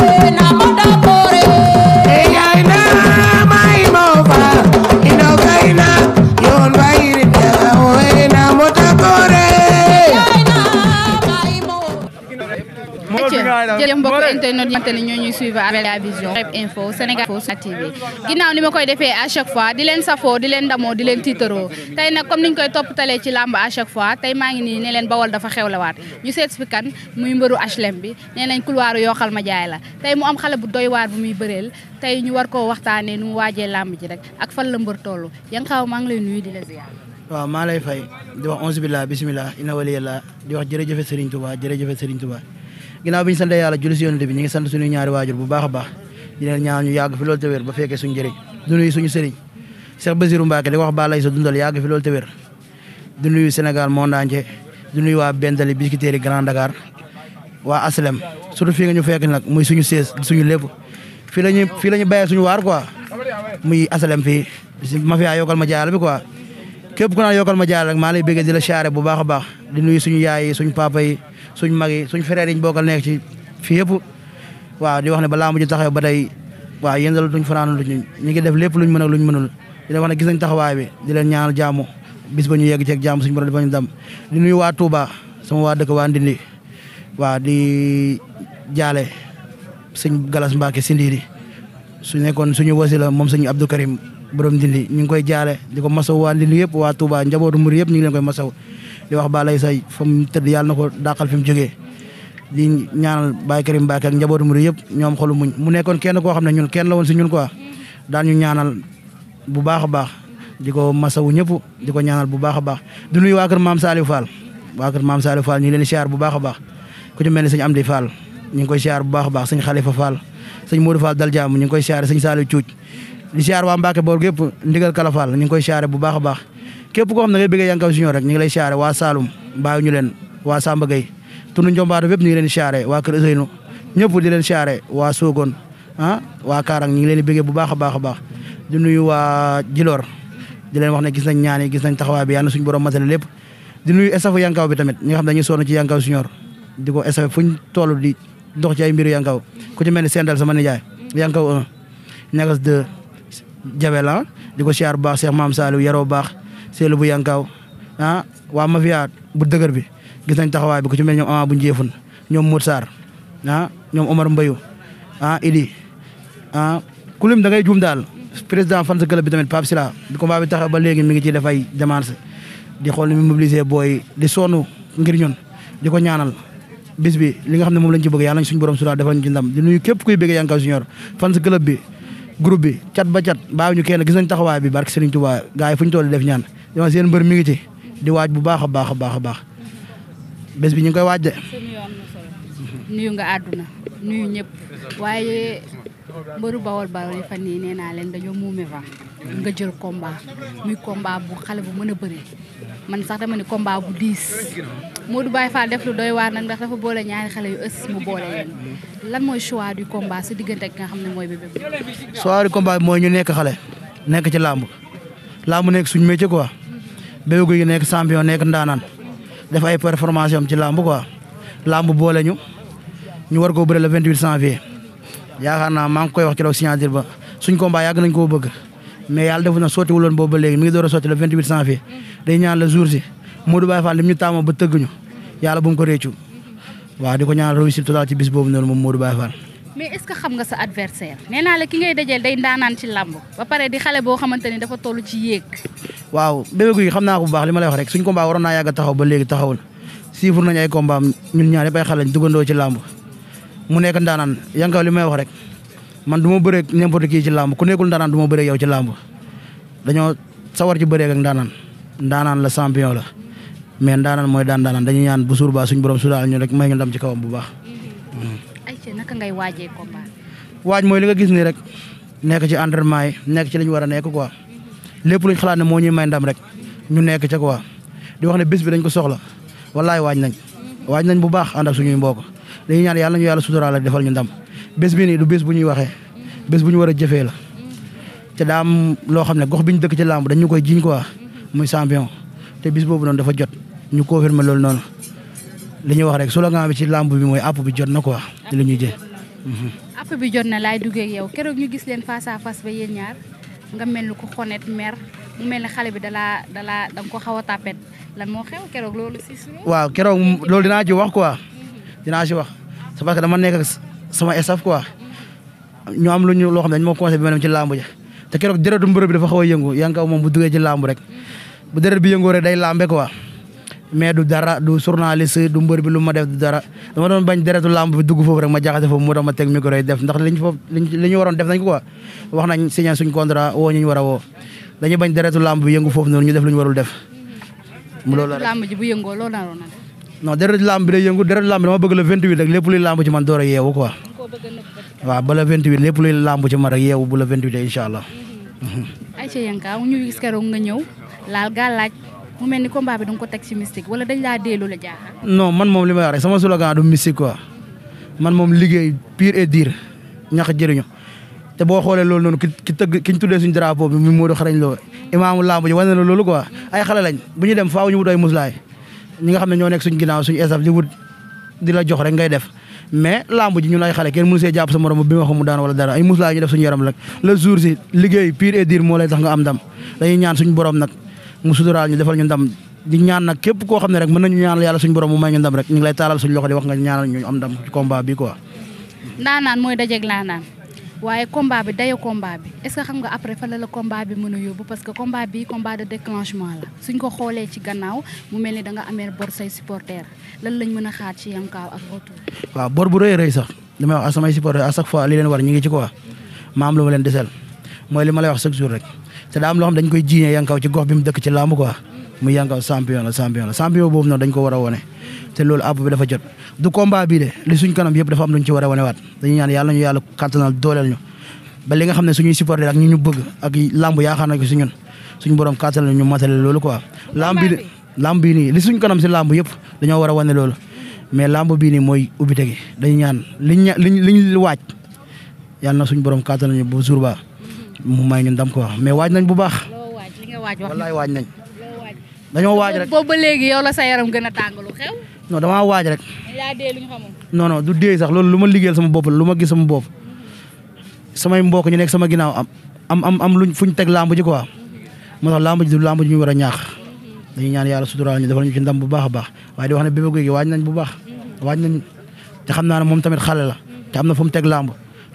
Baby, now I'm done. jërëjëf mbokk ne ñoo ñuy suivre à la vision Web Info Sénégal Info Sen TV ginnaaw ni ma koy defee à chaque fois di leen safoo di leen ndamoo di leen tiitaroo tey nag ni niñ koy topp talee ci làmb à chaque fois tey maa ngi nii ne leen bawal dafa xewlewaat ñu seet fi kan mu mbëru HLM bi ne nañ couloir yoo xam ma jaay la tey mu am xale bu doy waar bu muy bëreel tey ñu war koo waxtaanee nu mu waajee làmb ji rek ak fan la mbër toll yaa ngi maa ngi lay nuyu di la ziar. waaw maa lay fay di wax onze billah bismillah inna di wax jërëjëfe Serigne Touba jërëjëfe Serigne Touba ginnaaw bi ñu sant yàlla julli si yonent bi ñu ngi sant suñu ñaari waajur bu baax a baax di leen ñaan ñu yàgg fi loolu te wér ba fekkee suñu njëriñ du nuyu suñu sëriñ Cheikh Basirou Mbacké di wax ba lay sa dundal yàgg fi loolu te wér du nuyu Sénégal monde entier du nuyu waa Bendali Biscuiterie Grand Dakar waa Aslem surtout fii nga ñu fekk nag muy suñu sees suñu lépp fii lañu fii la ñu bàyyee suñu waar quoi muy Aslem fii ma fiyaa yokkal ma jaayal bi quoi képp ku naan yokkal ma jaayal rek maa lay bëgg di la bu baax a baax di nuyu suñu yaay yi suñu papa yi suñ mag yi suñ frère yi boo bokkal nekk ci fii yëpp waaw di wax ne ba laa mujj taxaw ba day waaw yéndal duñ fanaanul luñ ñu ngi def lépp luñ mën ak luñ mënul di leen wax na gis nañ taxawaay bi di leen ñaanal jaamu bis ba ñu yegg ceeg suñ suñu borom dafa ñu dam di nuyu waa Touba sama waa dëkk waa Ndindi waa di jaale sëñ Galas Mbacke Sindiri su nekkoon suñu wasila moom sëñ Abdou Karim borom Ndindi ñu ngi koy jaale di ko masaw waa Ndindi yëpp waa Touba njabootu mbir yëpp ñu ngi koy masaw di wax Balaye Seye fa mu tëdd yàlla na ko dàqal fi mu jógee di ñaanal Baye Karim Mbacke ak njabootu mu yëpp ñoom xolu muñ mu nekkoon kenn koo xam ne ñun kenn la woon si ñun quoi daan ñu ñaanal bu baax a baax di ko masawu ñëpp di ko ñaanal bu baax a baax di nuyu waa kër maam Saliou Fall waa leen siyaar bu baax a baax ku ci mel ni sëñ Amdi Fall ñu ngi koy siyaar bu baax a baax sëñ Khalifa Fall sëñ Modou Fall dal jàmm ñu ngi koy siyaare sëñ Saliou Cuuc di siyaar waa Mbacke boor gépp ndigal Kala Fall ñu ngi koy siyaare bu baax a baax képp koo xam na ngay bëggee Yankaw Junior rek ñu ngi lay siyaare waa Saloum bàyyi ñu leen waa Samba Gueye tund Njombaado fépp ñu ngi leen siyaare waa Kër Ousseynou ñëpp di leen siyaare waa Sogone ah waa Kaarang ñu ngi leen di bëggee bu baax a baax a baax di nuyu waa Djilor di leen wax ne gis nañ ñaan gis nañ taxawaay bi yàlla suñu borom matale lépp di nuyu estafu Yankaw bi tamit ñi nga xam ne dañuy sonn ci Yankaw Junior di ko estafé fuñ toll di dox ci ay mbiru Yankaw ku ci mel ni Sendal sama nijaay Yankaw 1 ñagas 2 Jabel ah, di ko siyaar bu baax Cheikh Maam Saliou yaroo baax seelu bu yankaaw ah waa mafia bu dëgër bi gis nañ taxawaay bi ku ci mel ñoom Ama bu Njeefun ñoom Mout Sarr ah, ñoom Omar Mbayu ah Idi ah ku lim juum daal président fan club bi tamit Pape Sila bi combat bi taxaw ba léegi mi ngi ciy def ay démarches di xool ni mu mobiliser booy di sonn ngir ñun di ko ñaanal bis bi li nga xam ne moom lañ ci bëgg borom sura defal ñu ci ndam di nuyu képp kuy bëgg Yankaw Junior fans club bi groupe bi cat ba cat bàyyi ñu kenn gis nañ taxawaay bi barke Serigne Touba gars fu ñu toll def ñaan yow seen mbër mi ngi ci di waaj bu baax a baax a baax a baax bés bi ñu ngi koy waaj de. nuyu nga àdduna nuyu ñëpp waaye mbëru bawol bawol yi fan nii nee naa leen dañoo muume fa nga jël combat muy combat bu xale bu mën a bëri man sax dama ne combat bu diis Modou Baye Fall def lu doy waar nag ndax dafa boole ñaari xale yu ës mu boole leen lan mooy choix du combat sa diggante ak nga xam ne mooy bébé. choix du combat bi mooy ñu nekk xale nekk ci làmb. laa mu nekk suñu métier quoi Bébé Gouy Gui nekk champion nekk ndaanaan def ay performance am ci làmb quoi làmb boole ñu ñu war koo bëre le 28 janvier yaakaar naa maa ngi koy wax keroog signature ba suñ combat yàgg nañ koo bëgg mais yàlla defu na sotti wuloon boobu ba mu ngi door a sotti le 28 janvier day ñaan le jour si Modou Baye Fall lim ñu taamoo ba tëgg ñu yàlla bu mu ko réccu waaw di ko ñaan réussite totale ci bis boobu moom Modou Baye mais est xam nga sa adversaire nee naa la ki ngay dajeel day ndaanaan ci làmb ba pare di xale boo xamante ni dafa tollu ci yéeg. waaw Bébé Gouy xam naa ko bu baax li ma lay wax rek suñ combat waroon naa yàgg taxaw ba léegi taxawul siifur nañ ay combat am ñaar yëpp ay xale lañ ci làmb mu nekk ndaanaan yankaw li may wax rek man du ma bëree n'importe qui ci làmb ku nekkul ndaanaan du ma bëree yow ci làmb dañoo sawar ci bëree ak ndaanaan ndaanaan la champion la mais ndaanaan mooy daan ndaanaan dañuy ñaan bu suur ba suñ borom su daal ñu rek may ñu ndam bu baax mm-hmm. mm. ngay waajee combat. waaj mooy li nga gis nii rek nekk ci entraînement yi nekk ci lañu ñu war a nekk quoi lépp luñ xalaat ne moo ñuy may ndam rek ñu nekk ca quoi di wax ne bés bi dañ ko soxla wallaay waaj nañ waaj nañ bu baax ànd ak suñuy mbokk dañuy ñaan yàlla ñu yàlla suturaal ak defal ñu ndam bés bi nii du bés bu ñuy waxee bés bu ñu war a jëfee la te daam loo xam ne gox bi ñu dëkk ci làmb dañu koy jiiñ quoi muy champion te bis boobu noonu dafa jot ñu ma loolu noonu. li ñu wax rek slogan bi ci làmb bi mooy app bi jot na quoi. li ñu jë. app bi jot na laay duggee yow keroog ñu gis leen face à face ba yéen ñaar nga mel ni ku xonet mer mel ni xale bi dalaa dalaa da nga ko xaw a tàppet lan moo keroog loolu waaw keroog loolu dinaa ci wax quoi dinaa ci wax c'est dama nekk ak sama staff quoi ñu lu ñu loo xam ne dañ ma conseillé bi ma dem ci làmb ja te keroog dërëtu mbërëb bi dafa xaw a yëngu yaa moom bu duggee ci làmb rek bu dërët bi yëngoo rek day làmbe quoi. mais du dara du journaliste du mbër bi lu ma def du dara dama bañ deretu lamb bi dugg foofu rek ma jaxase foofu moo tax teg micro yi def ndax liñ foofu li def nañ ko quoi wax nañ signé suñ contrat woo ñu war a woo dañuy bañ deretu lamb bi yëngu foofu noonu ñu def la lamb ji bu yëngoo loolu naroon na def. non deretu lamb bi day yëngu deretu lamb bi dama bëgg le 28 rek lépp luy lamb ci a yeewu quoi. waaw ba le 28 lépp luy lamb ci man rek yeewu bu le 28 incha allah. Mhm. ay ca yanka ñu gis keroog nga ñëw laal gaa mu mel ni combat bi da nga ko teg ci mystique wala dañ laa dee loolu jaaxal. non man moom li may wax rek sama slogan du mystique quoi man moom liggéey pur et dur ñax jëriñu te boo xoolee loolu noonu ki ki tëgg ki ñu tuddee suñ dara bi mu Modou xarañ loo imaamu lamb ji wane na loolu quoi ay xale lañ bu ñu dem faaw ñu wut ay muslaay ñi nga xam ne ñoo nekk suñ ginaaw suñu esaf di wut di la jox rek ngay def. mais lamb ji ñun ay xale kenn mënu daan wala dara ay muslaay ñu def suñu si liggéey pur et dur moo lay tax nga am ndam dañuy ñaan suñu borom nag mu suturaal ñu defal ñu ndam di ñaan nag képp koo xam ne rek mën nañu ñaanal yàlla suñu borom mu may ñu ndam rek ñu ngi lay taalal suñu loxo di wax nga ñaanal ñu mooy dajeeg ndaanaan waaye combat bi dayo combat bi est xam nga après fa la la combat bi mën a yóbbu parce que combat bi combat de déclenchement la suñ ko xoolee ci gannaaw mu mel ni da nga amee bor say supporter lan lañ mën a xaar ci Yankaw ak retour. bu rëy rëy sax li may wax ak samay supporter à chaque fois li leen war ñu ngi ci quoi ma am lu ma leen desel mooy li ma lay wax chaque jour rek te daa am loo dañ koy jiiñee yankaw ci gox bi mu dëkk ci làmb quoi mu yankaw champion la champion la champion boobu na dañ ko war a wone te loolu àpp bi dafa jot du combat bii de li suñ kanam yëpp dafa am ci war a wone waat dañuy ñaan ñu yàlla kàttanal dooleel ñu ba li nga xam ne suñuy supporter ak ñu ñu bëgg ak làmb yaakaar na ko si ñun suñu borom kàttanal ñu matale loolu quoi làmb bi làmb bi nii li suñ kanam si làmb yëpp dañoo war a wane loolu mais làmb bii nii mooy ubbite gi dañu ñaan liñ liñ li waaj yàlla na suñu borom kàttanal ñu ba jour ba mu may ñu dam ko mais waaj nañ bu baax. loo waaj li nga waaj nañ. dañoo waaj rek boobu léegi yow la sa yaram damaa waaj rek. yaa du dee sax loolu lu ma liggéeyal sama bopp lu ma gis sama bopp samay mbokk ñu nekk sama ginnaaw am am am am luñ fuñ teg lamb ji quoi moo tax lamb ji du lamb ñu war a ñaax dañuy ñaan yàlla suturaal ñu defal ñu ci ndam bu baax a baax waaye di wax ne Bébé Gouy Gui waaj nañ bu baax waaj nañ te xam naa ne moom tamit xale la te am na fu mu teg lamb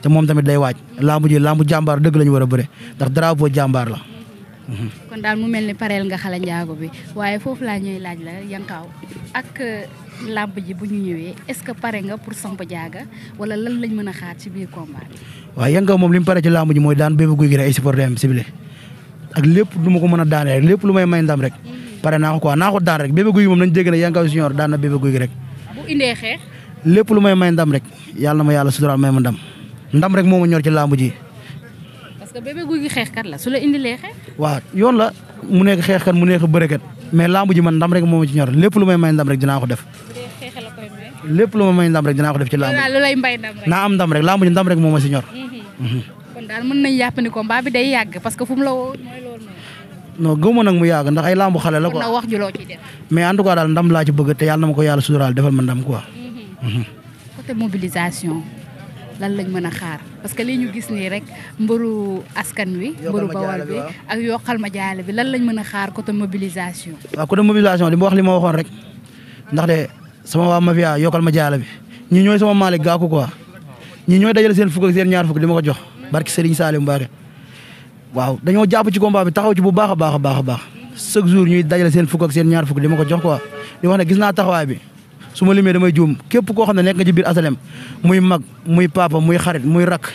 te moom tamit day waaj làmb ji làmb jàmbaar dëgg la war a bëre ndax drapeau jàmbaar la. Mhm. kon daal mu mel ni pareel nga xala njaago bi waaye foofu laa ñuy laaj la yankaaw ak euh, làmb ji bu ñu ñëwee est-ce que pare nga pour samp jaaga wala lan lañ mën a xaar ci biir combat bi. waaw moom li mu pare ci ji mooy daan bébé guy gi rek ay supporter am ak lépp lu ma ko mën a daane rek lépp lu may may ndam rek pare naa ko quoi naa rek bébé guy gi moom nañ dégg ne daan na bébé lépp lu may may ndam rek yàlla ma yàlla suturaal may ma ndam. ndam rek moo ma ñor ci làmb ji. parce la su la waaw yoon la mu nekk xeexkat mu nekk bërëkat mais làmb ji man ndam rek moom ma ci ñor lépp lu may may ndam rek dinaa ko def. lépp lu ma may ndam rek dinaa ko def ci làmb lu naa am ndam rek làmb ji ndam rek moom ma si ñor. Mhm. Mhm. kon mën nañu yàpp ni combat bi day yàgg parce que fu mu la woo mooy loolu nag mu yàgg ndax ay làmbu xale la. ko wax ju mais en tout cas daal ndam laa ci bëgg te yàlla na ma ko yàlla suturaal defal ma ndam quoi. Mhm. lan lañ mën a xaar parce que lii ñu gis nii rek mbëru askan wi. mbëru bawal bi ak yokkal ma jaale bi lan lañ mën a xaar côté mobilisation. waaw côté mobilisation li ma wax li ma waxoon rek ndaxte sama waa mafia yokkal ma jaale bi ñi ñooy sama Malick Gakou quoi ñi ñooy dajale seen fukk ak seen ñaar fukk di ma ko jox barki Serigne Salim Mbacké waaw dañoo jàpp ci combat bi taxaw ci bu baax a baax a baax a baax chaque jour ñuy seen fukk seen ñaar fukk di ma ko jox quoi di wax ne gis naa taxawaay bi. su ma limee damay juum képp koo xam ne nekk nga ci biir asalem muy mag muy papa muy xarit muy rakk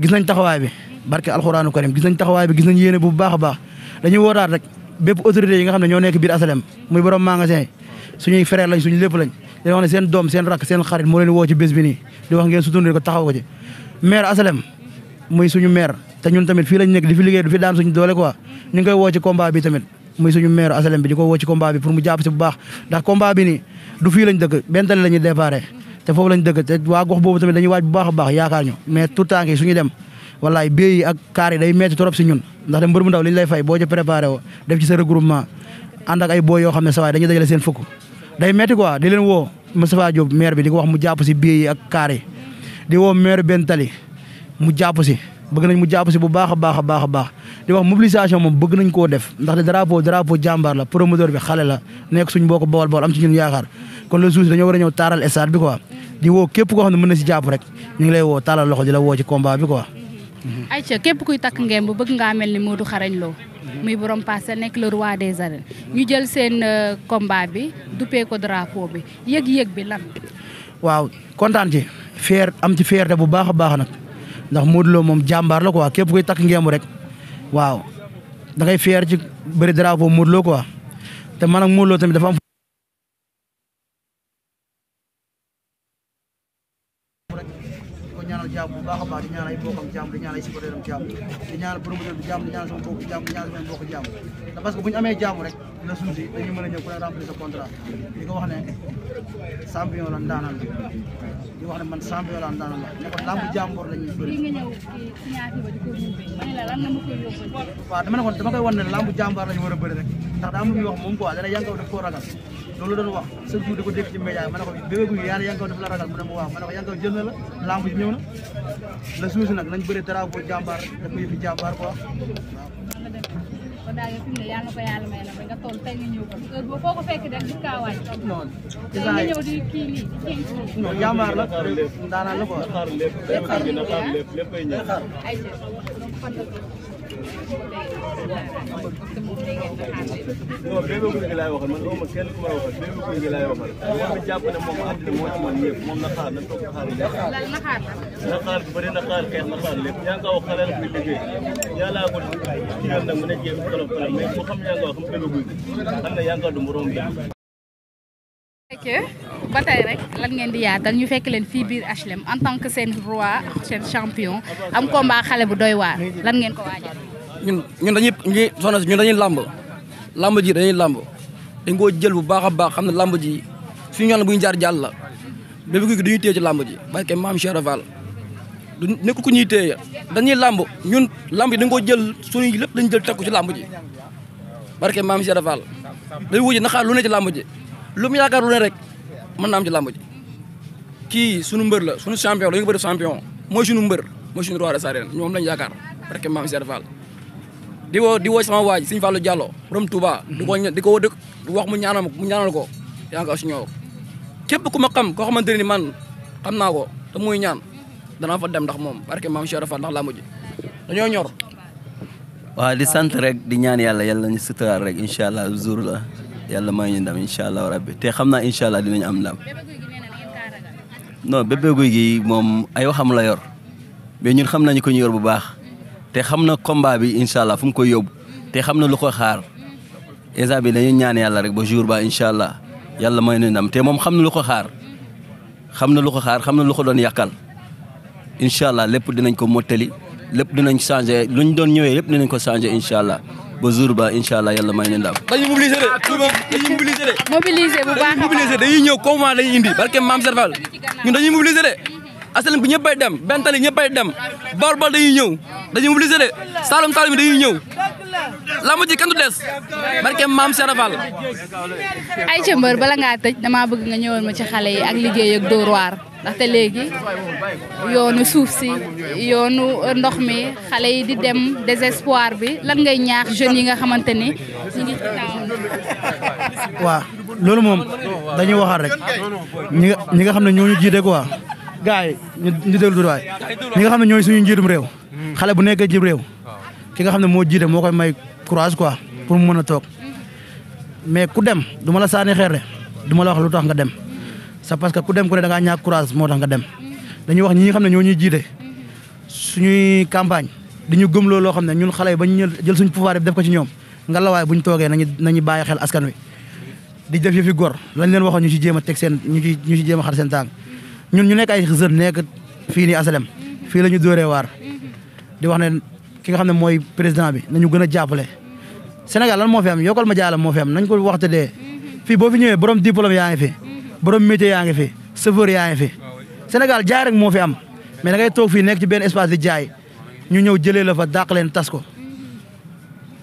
gis nañ taxawaay bi barke alxuraanu karim gis nañ taxawaay bi gis nañ yéene bu baax a baax dañuy wootaat rek bépp autorité yi nga xam ne ñoo nekk biir asalem muy borom magasin suñuy frère lañ suñu lépp lañ dañu wax ne seen doom seen rakk seen xarit moo leen woo ci bés bi nii di wax ngeen sutundee ko taxaw ko ci maire asalem muy suñu meer te ñun tamit fii lañ nekk di fi liggéey du fi daan suñu doole quoi ñu ngi koy woo ci bi tamit muy suñu maire asalem bi di ko woo ci combat bi pour mu jàpp si bu baax ndax combat bi ni du fii lañ dëkk benn tali la ñuy déparé te foofu lañ dëkk te waa gox boobu tamit dañuy waaj bu baax a baax yaakaar ñu mais tout temps suñu dem wallaay béy ak kaar day metti trop si ñun ndax de mbër mu ndaw li lay fay boo ci préparé woo def ci sa regroupement ànd ak ay boo yoo xam ne sawaay dañuy dajale seen fukk day metti quoi di leen woo Moustapha Diop maire bi di ko wax mu jàpp si béy ak kaar di woo maire benn tali mu jàpp si bëgg nañ mu jàpp si bu baax a baax a baax baax di wax mobilisation moom bëgg nañ koo def ndax de drapeau drapeau jàmbaar la promoteur bi xale la nekk suñ mbokk bawal bawal am ci ñun yaakaar kon le jour dañoo war a ñëw taaral stade bi quoi di woo képp koo xam ne mën na si jàpp rek ñu ngi lay woo taalal loxo di la woo ci combat mhm. képp kuy takk ngemb bëgg ngaa mel ni Modou Xarañ loo muy borom passé nekk le roi des arènes ñu jël seen euh, combat bi duppee ko drapeau bi yëg-yëg bi lan. waaw kontaan ci fier am ci fierté bu baax a baax nag ndax Modou Lo moom jàmbaar la quoi képp kuy takk ngemb rek. waaw da ngay fier ci bëri drapeau Modou Lo quoi te man ak Modou dafa am. baax a baax di ñaan ay bokkam jàmm di ñaan ay supporter am jàmm di ñaan promoteur bi jàmm di ñaan sama bopp jàmm di ñaan sama mbokk jàmm da parce que bu ñu amee jàmm rek la suñ si dañuy mën a ñëw ku ne remplir sa contrat di ko wax ne champion la ndaanaan la di wax ne man champion la ndaanaan la ne ko lamb jàmboor la ñuy bëri waaw dama ne ko dama koy wan ne lamb jàmbaar la ñu war a bëri rek ndax daa am lu muy wax moom quoi dana yankaw daf koo ragal loolu doon wax chaque jour di ko dégg ci média ma ko Bébé Gouy Gui yaa ne Yankaw dafa la ragal mu waaw ma ko Yankaw jël la lamb ji ñëw na la suuf si nag bëre dara boo jàmbaar def ko yëfi jàmbaar quoi waaw. ko yàlla ba nga toll tey nga ñëw fekk rek gis kaa waaj. non tey nga ñëw di kii nii di la daanaka la quoi. lépp xar lépp xar lépp lépp ah? ay ñëw. ay jërëjëf non bébé guy gi laay waxal man loolu man kenn ku may waxal bébé guy gi laay xale la muy liggéey mu ne jéem tolof tolof mais yaa ngi rek lan ngeen di yaatal ñu fekk leen fii biir HLM en tant que seen roi seen champion am combat xale bu doy waar lan ngeen ko waajal. ñun ñun dañuy ñuy soxna si ñun dañuy làmb làmb ji dañuy làmb dañ koo jël bu baax a baax xam ne làmb ji suñu yoon bu ñu jaar jàll la Bébé Gouy Gui duñuy téye ci làmb ji barke maam Cheikh Raval du nekk ku ñuy téye dañuy làmb ñun làmb ji dañ koo jël suñu lépp dañ jël teg ko ci làmb ji barke maam Cheikh Raval day wuji naxaar lu ne ci làmb ji lu mu yaakaar lu ne rek mën naa am ci làmb ji kii sunu mbër la sunu champion la ñu ko bëri champion mooy sunu mbër mooy sunu roi des arènes ñoom lañ yaakaar barke maam Cheikh Raval di woo di woo sama waa ji Sëñ Fallou Diallo borom Touba. di ko di ko di wax mu ñaanal mu ñaanal ko yaa ngi ko képp ku ma xam koo xamante ne man xam naa ko te muy ñaan danaa fa dem ndax moom barke maam Cheikh Rafa ndax laa mujj dañoo ñor. waaw di sant rek di ñaan yàlla yàlla ñu suturaal rek incha allah jour la yàlla maa ñu ndam incha allah rabbi te xam naa incha allah dinañu am ndam. non bébé guy moom ay waxam la yor mais ñun xam nañu ko ñu bu baax. te xam na combat bi incha allah fu mu koy yóbbu te xam na lu ko xaar exa bi dañuy ñaane yàlla rek ba jour ba incha allah yàlla may na ndam te moom xam na lu ko xaar xam na lu ko xaar xam na lu ko doon yàqal incha allah lépp dinañ ko mottali lépp dinañ changé luñ doon ñëwee lépp dinañ ko changé incha allah ba jour ba incha allah yàlla may na ndam. dañuy mobiliser de dañuy mobiliser de. mobiliser dañuy indi barke maam Serfal asalam bi ñëppay dem benn tali ñëppay dem bool bor dañuy ñëw dañuy mobiliser de saalum saalum yi dañuy ñëw laa mujj kenn du des barke maam Cheikh Fall ay ca bala ngaa tëj damaa bëgg nga ñëwoon ma ci xale yi ak liggéey ak Dóor waar ndaxte léegi yoonu suuf si yoonu ndox mi xale yi di dem désespoir bi lan ngay ñaax jeunes yi nga xamante ni ñu ngi ci waaw loolu moom dañuy waxaat rek ñi nga nga xam ne ñoo ñu jiite gars yi ñu déglu Doudou Wade ñi nga xam ne ñooy suñu njiitum réew xale bu nekk ci réew ki nga xam ne moo jiite moo koy may courage quoi pour mu mën a toog mais ku dem du la saani xeer de du la wax lu tax nga dem c'est parce que ku dem ku ne da ngaa ñàkk courage moo tax nga dem dañuy wax ñi nga xam ne ñoo ñuy jiite suñuy campagne di ñu gëm loo xam ne ñun xale yi ba ñu jël suñu pouvoir def ko ci ñoom nga lawaay bu ñu toogee nañu nañu bàyyi xel askan wi di def yëfi gor lañ leen waxoon ñu ci jéem a teg seen ñu ci ñu ci jéem a seen tàng ñun ñu nekk ay jeunes nekk fii asalem fii la ñu dóoree waar di wax ne ki nga xam ne mooy président bi nañu gën a jàppale Sénégal lan moo fi am yokkal ma jaalam moo fi am nañ ko waxte dee fii boo fi ñëwee borom diplôme yaa ngi fi borom métier yaa ngi fi chauffeur yaa ngi fi Sénégal jaay rek moo fi am mais da ngay toog fii nekk ci benn espace di jaay ñu ñëw jëlee la fa dàq leen tas ko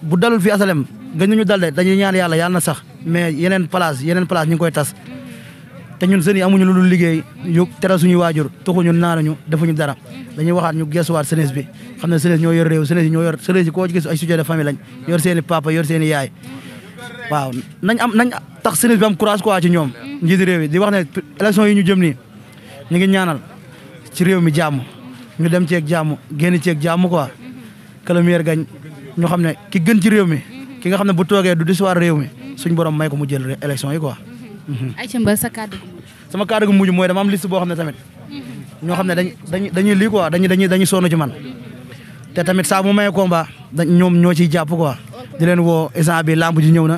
bu dalul fii asalem gën ñu dal de dañuy ñaan yàlla yàlla na sax mais yeneen place yeneen place ñu ngi koy tas te ñun jeunes yi amuñu lu dul liggéey waajur teral suñuy waajur tuxuñu naanuñu defuñu dara dañuy waxaat ñu gesuwaat jeunesse bi xam na jeunesse ñoo yor réew jeunesse yi ñoo yor jeunesse yi koo gis ay sujet de famille lañ yor seen i papa yor seen yaay waaw nañ am nañ tax jeunesse bi am courage quoi ci ñoom njiiti réew yi di wax ne élection yi ñu jëm ni ñu ngi ñaanal ci réew mi jàmm ñu dem ceeg jàmm génn ceeg jàmm quoi que le meilleur ñu xam ne ki gën ci réew mi ki nga xam ne bu toogee du décevoir réew mi suñ borom may ko mu jël élection yi quoi Mm-hmm. ayca Mbeur sa kàddu gu mujj. sama kàddu gu mujj mooy dama am liste boo xam ne tamit mm-hmm. ñoo xam ne dañ dañuy dañuy lii quoi dañuy dañuy dañuy sonn ci man te tamit saa bu mayee combat dañ ñoom ñoo ci jàpp quoi di leen woo instant bi lamb ji ñëw na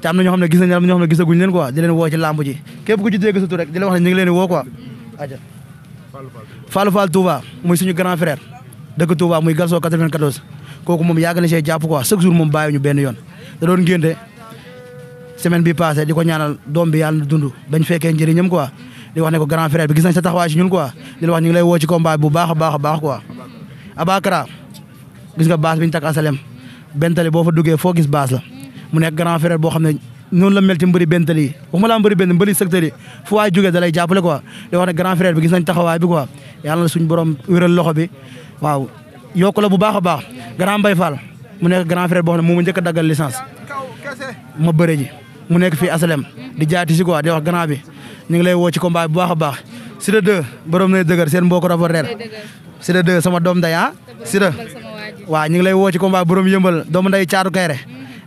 te am ñoo xam ne gis nañ am ñoo xam ne leen quoi di leen woo ci lamb ji képp ku ci dégg sutu rek di leen wax ne ñu woo quoi mm-hmm. aja Fallou Fall Touba muy suñu grand frère dëkk Touba muy Galso 94 kooku moom yàgg na see jàpp quoi chaque jour moom bàyyi ñu benn yoon da doon ngénte semaine bi passé di ko ñaanal doom bi yàlla dund bañ fekkee njëriñam quoi di wax ne ko grand frère bi gis nañ sa taxawaay ci ñun quoi di la wax ñu ngi lay woo ci bu baax a baax a baax quoi. gis nga baas bi ñu takk asalem bentali boo fa duggee foo gis baas la mu ne grand frère boo xam ne noonu la mel ci mbëri bentali yi waxuma laa mbëri benn mbëri secteur yi fu waay jógee da lay jàppale quoi di wax ne grand frère bi gis nañ taxawaay bi quoi borom wéral loxo bi waaw yokk la bu baax a baax grand Mbaye Fall mu nekk grand frère boo ne moom njëkk a daggal licence ma bëre ji mu nekk fii asalem di jaati si quoi di wax grand bi ñu ngi lay woo ci combat bu baax a baax Siteu 2 borom nay dëgër seen mbokk reporter Siteu 2 sama doom nday ah Siteu waa ñu ngi lay woo ci combat borom yëmbal doomu nday caatu kayre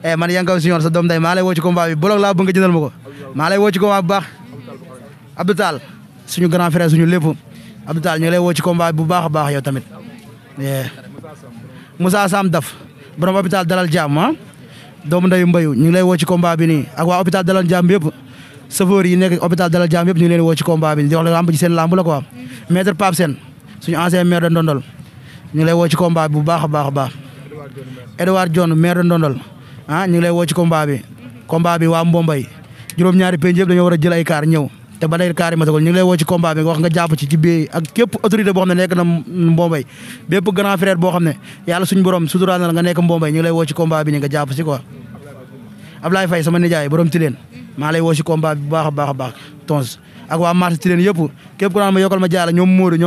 eh man yankaw si ñoon doom nday maa lay woo ci combat bi bolog laa bëgg nga jëndal ma ko maa lay woo ci combat bu baax Abdou suñu grand frère suñu lépp Abdou Tall ñu ngi lay woo ci combat bu baax a baax yow tamit eh. Moussa Sam daf borom hôpital dalal jàmm ah. doomu ndeyu mbayu ñu ngi lay woo ci combat bi nii ak waa hôpital Dalal Jamm yëpp chauffeur yi nekk hôpital Dalal Jamm yëpp ñu ngi leen woo ci combat bi di wax la lamb ji seen lamb la quoi maître Pape Sène suñu ancien maire de Ndondol ñu ngi lay woo ci combat bu baax a baax a baax Edouard Dione maire de Ndondol ah ñu ngi lay woo ci combat bi combat bi waa Mbombay juróom-ñaari penc yëpp dañoo war a jël ay kaar ñëw te ba léegi carrément ñu ngi lay woo ci combat bi nga wax nga jàpp ci ci biir ak képp autorité boo xam ne nekk na Mbombay bépp grand frère boo xam ne yàlla suñu borom suturaal na la nga nekk Mbombay ñu ngi lay woo ci combat bi ni nga jàpp si quoi. Ablaye Faye sama nijaay borom Tilène a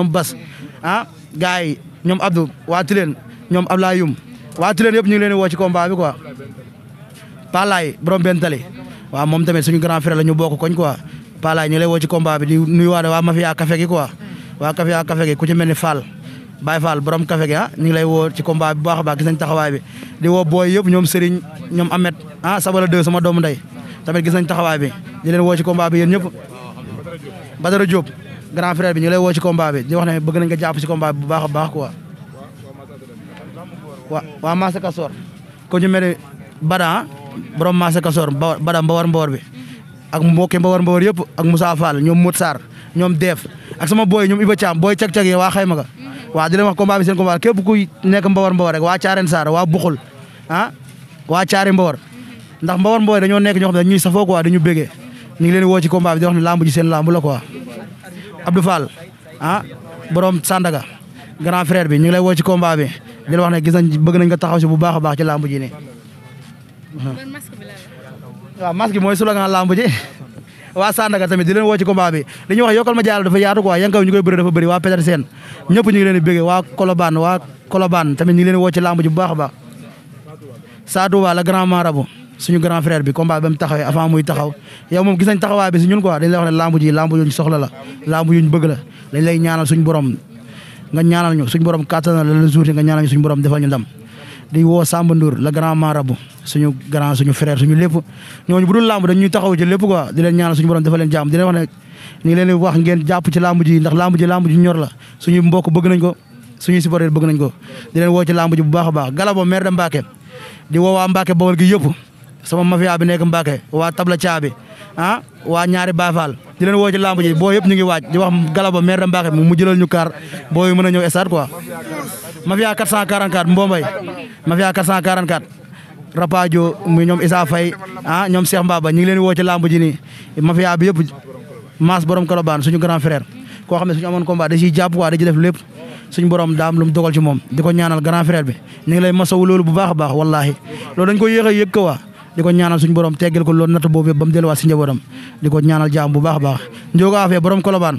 baax a yi ñoom Abdou waa Tilène ñoom Ablaye waa moom tamit suñu grand frère la ñu bokk koñ quoi Palaay ñu lay woo ci combat bi di nuyuwaale waa mafia café gi mm. waa mafia café gi ku ci mel ni faal Baye Fall borom café gi ah, ñu ngi lay woo ci combat bi bu baax a baax gis nañ taxawaay bi di woo booy yëpp ñoom sëriñ ñoom Ahmed ah Sabala 2 sama doomu nday tamit gis nañ taxawaay bi di leen woo ci combat bi yéen ñëpp Badara Diop grand frère bi ñu lay woo ci combat bi di wax ne bëgg nañ nga jàpp ci combat bi bu baax a baax quoi waa waa Massa ku ñu mel ni Bada ah, borom Massa Kassor Bada Mbawar bi ak mbokki mbawar mbawar yëpp ak Moussa Fall ñoom Mout Sarr ñoom Def ak sama booy ñoom Iba Thiam booy cag-cag yi waa xayma ga waaw di leen wax combat bi seen combat képp kuy nekk mbawar mbawar waa caaren Sarr waa Buxul ah waa caari ndax mbawar mbawar dañoo nekk ñoo xam ne ñuy safoo quoi dañu bégee ngi leen woo ci combat bi wax ne lamb seen lamb la quoi Abdou Fall ah, borom Sandaga grand frère bi ñu ngi lay woo ci combat bi wax ne gis nañ bëgg nañ nga taxaw si bu baax a baax ci lamb ji nii waaw masque mooy slogan lamb ji waa Sandaga tamit di leen woo ci combat wax yokkal ma jaal dafa yaatu quoi yankaw ñu koy bëri dafa bëri waa Petersen ñëpp ñu ngi waa Colobane waa Colobane tamit ñu ngi leen woo ci lamb ji bu baax a baax Sadouba la grand marabout suñu grand frère bi combat ba mu taxawee avant muy taxaw yow moom gis nañ taxawaay bi si ñun quoi dañ lay wax ne lamb soxla la lamb bëgg la dañ lay ñaanal suñu borom nga ñaanal ñu suñu borom kàttanal la la journée nga borom defal ñu ndam di woo Samba Ndour le grand marabout suñu grand suñu frère suñu lépp ñooñu bu dul làmb dañuy taxaw ci lépp quoi di leen ñaanal suñu borom dafa leen jàmm di leen wax ne ñu ngi wax ngeen jàpp ci làmb ji ndax làmb ji làmb ji ñor la suñu mbokk bëgg nañ ko suñu supporter bëgg nañ ko di leen woo ci làmb ji bu baax a baax Galabo maire de Mbacké di woo waa Mbacké Bawol gi yëpp sama mafia bi nekk Mbacké waa Tabla Caabi ah waa ñaari baafaal di leen woo ci lamb ji boo yëpp ñu ngi waaj di wax galaba maire de Mbacké mu jëlal ñu kaar boo yu mën a ñëw stade quoi mafia 444 Mbombay mafia 444 Rapadio muy ñoom Issa Faye ah ñoom Cheikh Mbaba ñu ngi leen woo ci lamb ji nii mafia bi yëpp maas borom Colobane suñu grand frère koo xam ne suñu amoon combat da ciy jàpp quoi da borom daam lu mu dogal ci moom di ko ñaanal grand frère bi ñu ngi lay masawu loolu bu a baax wallaahi a yëg di ko ñaanal suñ borom teggal ko loolu natt boobu yëpp ba mu delluwaat ko ñaanal jaam bu baax a baax Ndiogo Afia borom Kolobaan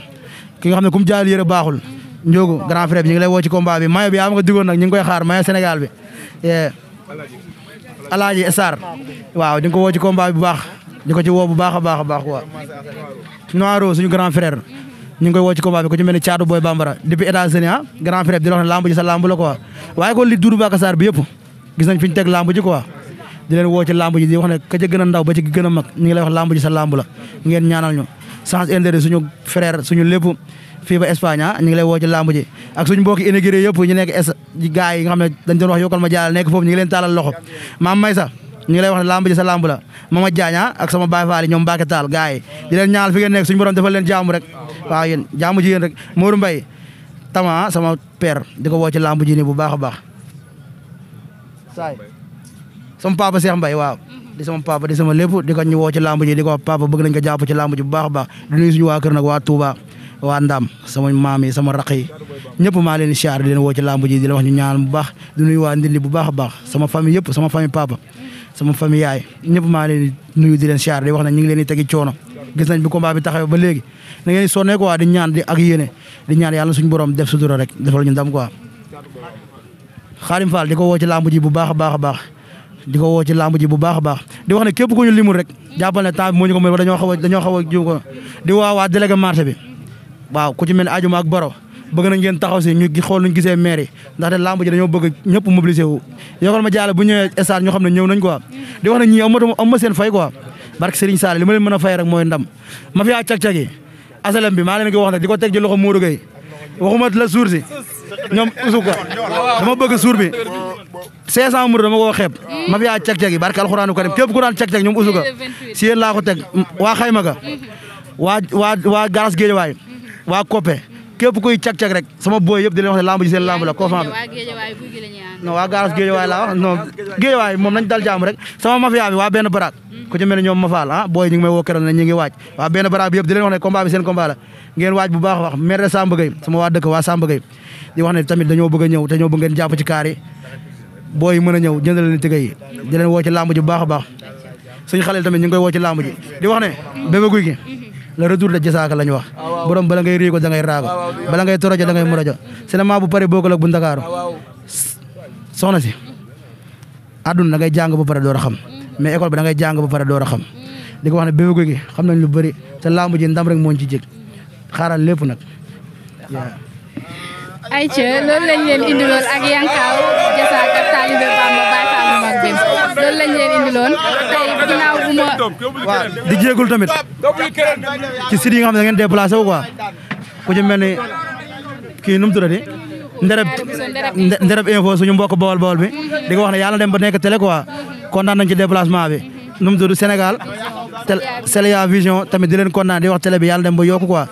ki nga xam ne ku mu jaayal yëre baaxul Ndiogo grand frère bi ñu woo ci combat ma ko digoon nag ñu ngi xaar mayo Sénégal bi eh, Alaaji Sarr waaw di nga ko woo ci bu baax di ko ci woo bu baax a baax a baax quoi Noiro suñu grand frère ñu ngi koy woo ci combat bi ko ci mel ni Thiatou Boy Bambara depuis États-Unis ah grand frère bi di la wax ne lamb ji sa lamb la quoi waaye kon li Doudou Baka Sarr bi yëpp gi nañ fi ñu teg lamb ji quoi di leen woo ci lamb ji di wax ne ka ba mag ñu ngi lay wax lamb ji sa lamb la ngeen ñaanal ñu sans intérêt suñu frère suñu lépp fii ba Espagne ah ñu ngi lay woo ci lamb ji ak suñu mbokki immigré yëpp ñu nekk es gars nga xam ne dañ doon wax yokkal ma jàllal nekk foofu ñu ngi leen taalal loxo maam Maysa ñu ngi lay wax ne lamb ji sa lamb la ma Diagne ah, ak sama baay faali ñoom Mbacke Tall gars yi di leen ñaanal fi ngeen nekk suñu borom defal leen jaamu rek waaw yéen jaamu ji yéen rek Modou Mbaye tama ah, sama père di ko woo ci lamb ji ni bu baax a baax sama papa Cheikh Mbaye waaw di sama papa di sama lépp di ko ñu woo ci lamb ji di ko wax papa bëgg nañ ko jàpp ci lamb ji bu baax a baax di nuyu suñu waa kër nag waa Touba waa Ndam sama maam yi sama raq yi ñëpp maa leen siyaar di leen woo ci lamb ji di la wax ñu ñaan bu baax di nuyu waa Ndindi bu baax a baax sama famille yëpp sama famille papa sama famille yaay ñëpp maa leen nuyu di leen siyaar di wax na ñu ngi leen di tegi coono gis nañ bi combat bi taxawee ba léegi da ngeen di sonné ñaan di ak yéene di ñaan yàlla suñu borom def sutura rek defal ñu ndam quoi Xaadim Fall di ko woo ci lamb ji bu baax a baax baax di ko woo ci làmb ji bu baax a baax di wax ne képp ku ñu limul rek jàppal ne temps moo ñu ko mel dañoo xaw a dañoo xaw a jiw ko di waa bi waaw ku ci mel ne ajuma ak boro bëgg nañ ngeen taxaw si ñu xool nuñ gisee maire yi ndaxte làmb ji dañoo bëgg ñëpp mobiliser wu yokkal ma jaale bu ñëwee stade ñu xam ne ñëw nañ ko di wax ne ñii amatuma seen fay quoi barke Serigne Sall li ma leen mën a fay rek mooy ndam ma fiyaa cag-cag yi bi maa leen ko wax ne di ko teg ci loxo Modou Gueye waxuma la suur si 500 murid dama koo xeeb ma fiyaa ceg-ceg yi barke alxuraanu karim képp ku daan ceg-ceg ñoom usuga si yéen laa teg waa xayma ga waa waa waa garas géejawaay waa koppe képp kuy ceg-ceg rek sama booy yëpp di leen wax ne lamb seen lamb la koo fam non waa garas géejawaay laa wax non géejawaay moom nañ dal jaamu rek sama mafia bi waa benn baraak ku ci mel ñoom ma ah, booy ñu ngi may woo keroog ne ñu ngi waaj waa benn baraak bi yëpp di leen wax ne combat bi seen combat la ngeen waaj wax ne tamit dañoo bëgg a ñëw ñoo bëgg ngeen jàpp ci kaar booy mën a ñëw jëndal leen tëgg yi di leen woo ci làmb ji baax a baax suñu xale tamit ñu ngi koy woo ci làmb ji di wax ne Bébé Gouy Gui le retour de Jasaaka la ñu wax borom bala ngay riigo da ngay raago bala ngay torojo da ngay morojo cinéma bu pare bokkul ak bu Ndakaaru soxna si àdduna da ngay jàng ba pare door a xam mais école bi da ngay jàng ba pare door a xam di ko wax ne Bébé Gouy Gui xam nañ lu bari te làmb ji ndam rek mooñ ci jég xaaral lépp nag ay ca di jéegul tamit ci site yi nga xam ne da ngeen wu quoi ku ci mel ni kii nu mu tuddati ndereb ndereb info suñu mbokk bawol bawol bi di nga wax ne yàlla dem ba nekk télé quoi kontaan na ci déplacement bi nu mu tudd Sénégal Séléya Vision tamit di leen kontaan di wax télé bi yàlla dem ba yokku quoi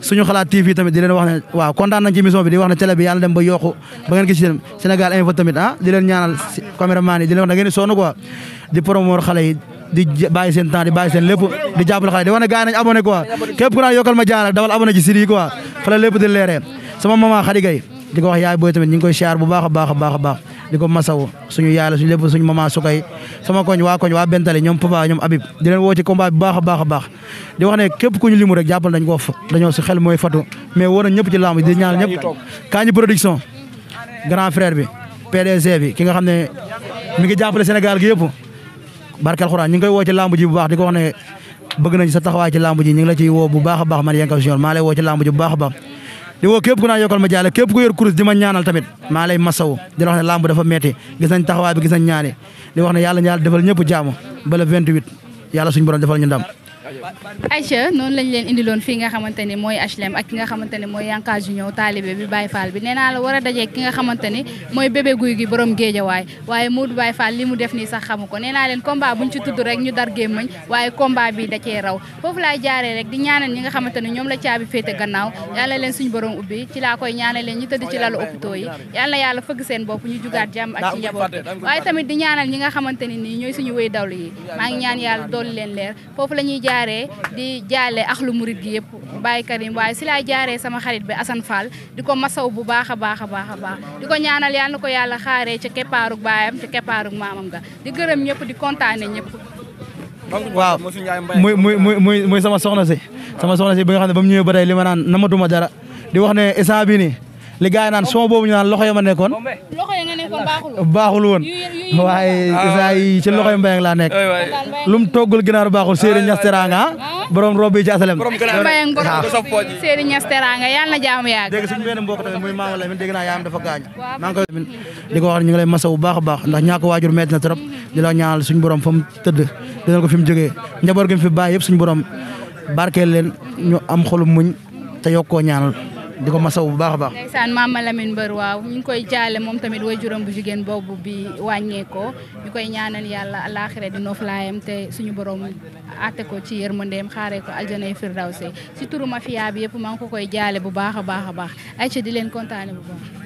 suñu xalaat TV tamit di wax ne waaw kontaan nañ ci émission bi di wax ne télé bi yàlla dem ba yokku ba ngeen gis ci Sénégal tamit ah ñaanal caméraman yi di wax da ngeen di sonn di promouvoir xale di bàyyi seen temps di bàyyi seen lépp di jàppale xale di wax ne gars yi nañ abonné quoi ku naan yokkal ma dawal abonné ci Siri quoi fa la di leeree sama maman Khady di ko wax yaay booy tamit ñu koy siyaar bu baax a a baax a baax di ko masaw suñu yaay suñu lépp suñu mama sukay sama koñ waa koñ waa bentali ñoom papa ñoom Habib di leen woo ci combat bi baax a baax a baax di wax ne képp ku ñu limu rek jàppal dañ ko dañoo si xel mooy fatu mais woo nañ ñëpp ci lamb di ñaan ñëpp Kandji production grand frère bi PDG bi ki nga xam ne mi ngi jàppale Sénégal gi yëpp barkeel Alxuraan ñu ngi woo ci lamb ji bu baax di ko wax ne bëgg nañ sa taxawaay ci lamb ji ñu la ciy woo bu baax a baax man Yankaw Junior maa lay woo ci lamb bu baax a baax di wo képp ku naa yokkal ma jaale képp ku yor kurus di ma ñaanal tamit maa lay masawu di la wax ne lamb dafa metti gis nañ taxawaay bi gis nañ ñaani di wax ne yàlla ñaal ñëpp jaamu bala le 28 yàlla suñu borom defal ñu ndam Aïcha noonu lañ leen indiloon fii nga xamante mooy HLM ak ki nga xamante mooy Yanka Junior taalibe bi Baye Fall bi nee la war a dajee ki nga xamante ni mooy bébé guy gi borom géejawaay waaye Modou Baye Fall li mu def nii sax xamu ko nee naa leen combat buñ ci tudd rek ñu dar gémmañ waaye combat bi da cee raw foofu laay jaaree rek di ñaanal ñi nga xamante ni ñoom la caabi féete gannaaw yàlla leen suñu borom ubbi ci laa koy ñaanal leen ñu tëdd ci yi ñi nga xamante ni nii ñooy suñu wéy dawlu yi maa ngi ñaan yàlla dool leen leer foofu la ñuy jaaree jaaree di jaale axlu murit gi yëpp Baye Karim waaye si laa jaaree sama xarit bi Assane Fall di ko masaw bu baax a baax a baax a baax di ko ñaanal yàlla na ko yàlla xaaree ca keppaarug baayam ca keppaarug maamam ga di gërëm ñëpp di kontaane ñëpp waaw muy muy muy muy sama soxna si sama soxna si ba mu ñëwee ba tey li ma naan namatuma dara di wax ne instant li gars naan son boobu ñu loxo ya ma nekkoon. Euh, baaxul woon. baaxul woon waaye ah, saa ci loxo yi mbéy laa nekk. lu mu toggul ginaar baaxul Serigne Niass Teranga ah. borom rob bi ci asalem. borom Serigne Niass Teranga yàlla na jaamu yàgg. dégg suñu benn mbokk tamit muy Maama Lamine dégg naa yaayam dafa gaañ. maa di ko wax ñu ngi lay masa bu baax baax ndax ñàkk waajur metti na trop mm-hmm. di la ñaanal suñu borom fa mu tëdd dina ko fi mu jógee njaboot gi mu fi bàyyi yëpp suñu borom barkeel leen am xolu muñ te yokkoo di ko masaw bu baax a baax. ndeysaan Mama Lamine Mbër waaw ñu ngi koy jaale moom tamit juróom bu jigéen boobu bi wàññeekoo ñu koy ñaanal yàlla alaaxira di noflaayam te suñu borom àtte ko ci yërmandeem xaaree ko aljanay firdawsi si turu mafia bi yëpp maa ko koy jaale bu baax a baax a baax Aïcha di leen kontaane bu baax.